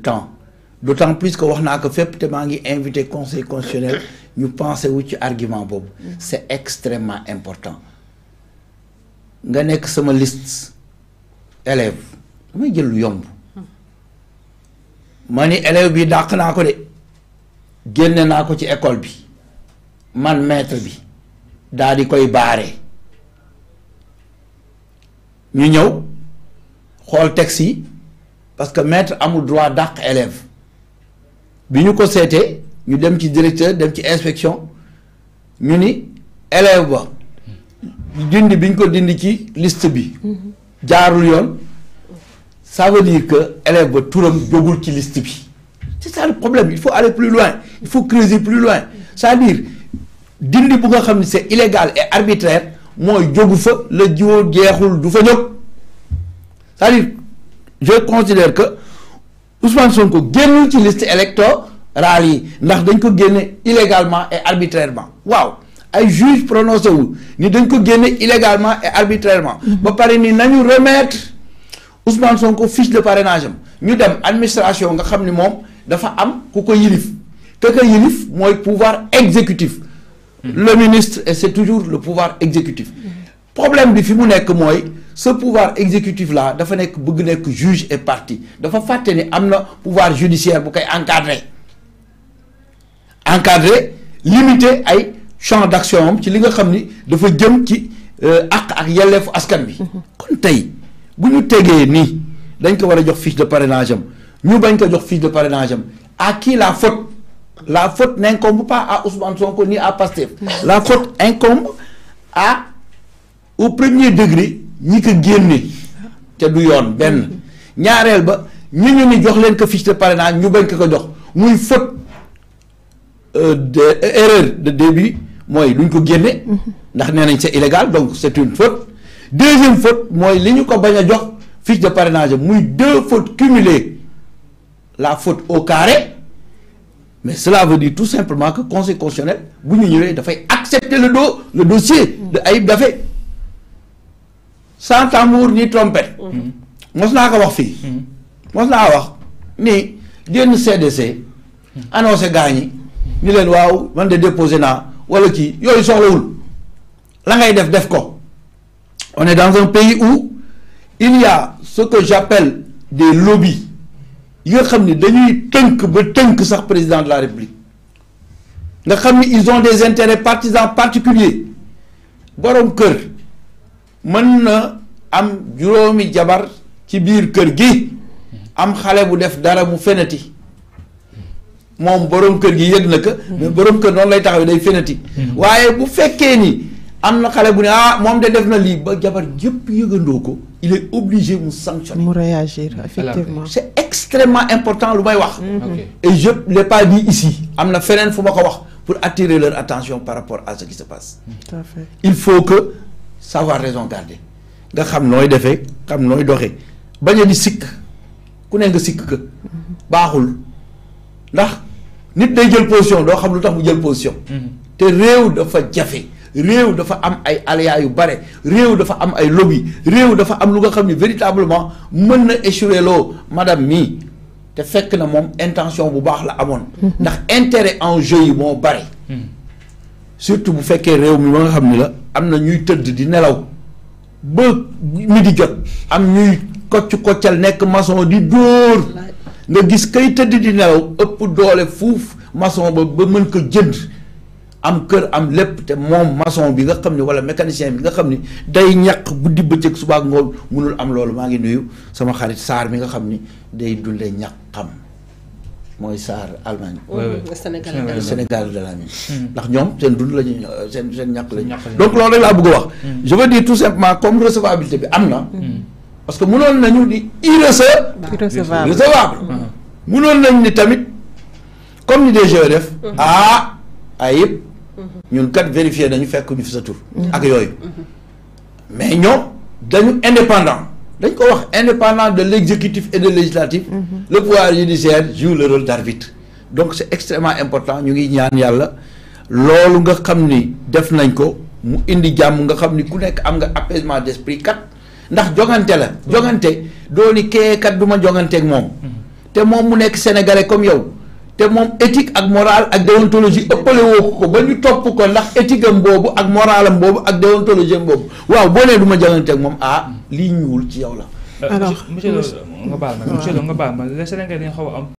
temps d'autant plus que wax naa ko fépp te invité conseil constitutionnel ñu pensé wu ci argument bob, c'est extrêmement important nga nekk sama liste élève damay jël lu yomb mani élève bi dàq naa ko de génne na ko ci école bi man maître bi daal di koy baare ñu ñëw xol texte parce que maître amul droit dàq élève bi nous ko nous ñu dem ci directeur dem ci inspection ñu élève ba dindi bi ñu ko dindi ci liste bi jaarul ça veut dire que élève ba turam qui ci liste bi c'est ça le problème il faut aller plus loin il faut creuser plus loin c'est-à-dire dindi bu nga xam c'est illégal et arbitraire Moi je fa la jiwoo jeexul du fa c'est-à-dire je considère que Ousmane Sonko qui ci liste électorale yi ndax dañ illégalement et arbitrairement waaw un juge prononce wu ni dañ ko illégalement et arbitrairement mm-hmm. ba pare ni nañu remettre Ousmane Sonko fiche de parrainage Nous ñu dem administration nga xam ni dafa pouvoir exécutif mm-hmm. le ministre c'est toujours le pouvoir exécutif le mm-hmm. problème du film, mu que moi ce pouvoir exécutif là Il faut que le juge et parti Il faut que le pouvoir judiciaire soit encadré encadré limité ay champ d'action Il faut li nga xam soit dafa jëm ci euh, àq ak yelleefu askan bi mhm. kon tey bu ñu tegee nii dañ ko fiche de parrainage am ñu bañ ko jox fiche de parrainage à qui la faute la faute n'incombe pas à Ousmane Sonko ni à Pastef mhm. la faute incombe à au premier degré ñi ko du ba ni fiche de parrainage ñu faute euh, euh, erreur de début moy luñ ko ndax c'est illégal donc c'est une faute deuxième faute moy liñu ko jox fiche de parrainage muy deux fautes cumulées la faute au carré mais cela veut dire tout simplement que conseil constitutionnel bu ñu da accepter le le dossier de Ayib sans tambour ni trompette. Mm-hmm. mos naa ko wax fii. Mm-hmm. mos je wax ni génn CDC. annoncé gaa ñi ñu leen waaw man de déposé naa wala kii yooyu soxlawul la ngay def def ko. on est dans un pays où il y a ce que j'appelle des lobbies Ils ont xam ni dañuy tënk ba tënk sax président de la république nga ils ont des intérêts partisans particuliers borom cœur man na am juroomi jabar ci biir kër gi am xale bu def dara mu fenati moom borom kër gi yëg na ko mais borom kër noonu lay taxaw day fenati waaye bu fekkee ni am na xale bu ne ah moom de def na lii ba jabar yëpp yëgandoo ko il est obligé mu sanctionner. mu réagir effectivement. c' est extrêmement important lu may wax. Mhm. et je ne l'ai pas dit ici am na feneen fu ma ko wax pour attirer leur attention par rapport à ce qui se passe. tout à fait il faut que savoir raison garder nga xam noy defee xam noy doxé baña di sik ku ne nga sikk ka baaxul ndax nit day jël position do xam lutax mu jël position mm-hmm. té réew dafa jafé réew dafa am ay aléas yu bare réew dafa am ay lobby réew dafa am lu nga xam ne véritablement mën na échouer lo madame mi te fekk na moom intention bu baax la amoon mm-hmm. ndax intérêt en jeu yi moo bare mm-hmm. surtout bu fekkee réew mi ba nga xam ni la am na ñuy tëdd di nelaw ba di jot am ñuy kocc koccal nekk mason di dóor nga gis kay tëdd di nelaw ëpp doole fuuf maçon ba ba mën ko jënd am kër am lépp te moom mason bi nga xam ne walla mécanicien bi nga xam ni day ñàq guddi bëccëg suba ak ngoon munul am loolu maa ngi nuyu sama xarit Saar mi nga xam ni day dundee ñàq xam mooy Sahara Allemagne. Sénégal Sénégal de l'Allemagne. Hmm. ndax ñoom seen dund la ñuy seen seen ñàkk donc loolu rek laa bëgg a wax. Hmm. je veux dire tout simplement comme recevabilité bi am hmm. parce que mënoon nañu di irrecevable recevable. mënoon nañ ni tamit comme ni DG e def. ah ay ñun kat vérifier nañu fekk ñu fi sa tur. ak yoy mais ñoom dañu indépendant. dañ ko wax indépendant de l'exécutif et de législatif mhm. le pouvoir judiciaire joue le rôle d'arbitre donc c'est extrêmement important ñu ngi ñaan yàlla loolu nga xam ni def nañ ko mu indi jàmm nga xam ni ku nekk am nga apaisement d'esprit kat ndax jongante la jongante doo ni kee kat ma jonganteeg moom mhm. te moom mu nekk sénégalais comme yow te moom éthique ak morale ak déontologie ëppale woo ko ba ñu topp ko ndax éthique am boobu ak morale am boobu ak déontologie am boobu waaw boo nee ma jonganteeg moom ah lii ñuul ci yow la. alors monsieur le nga baal ma monsieur le ma les Sénégalais dañu xaw am.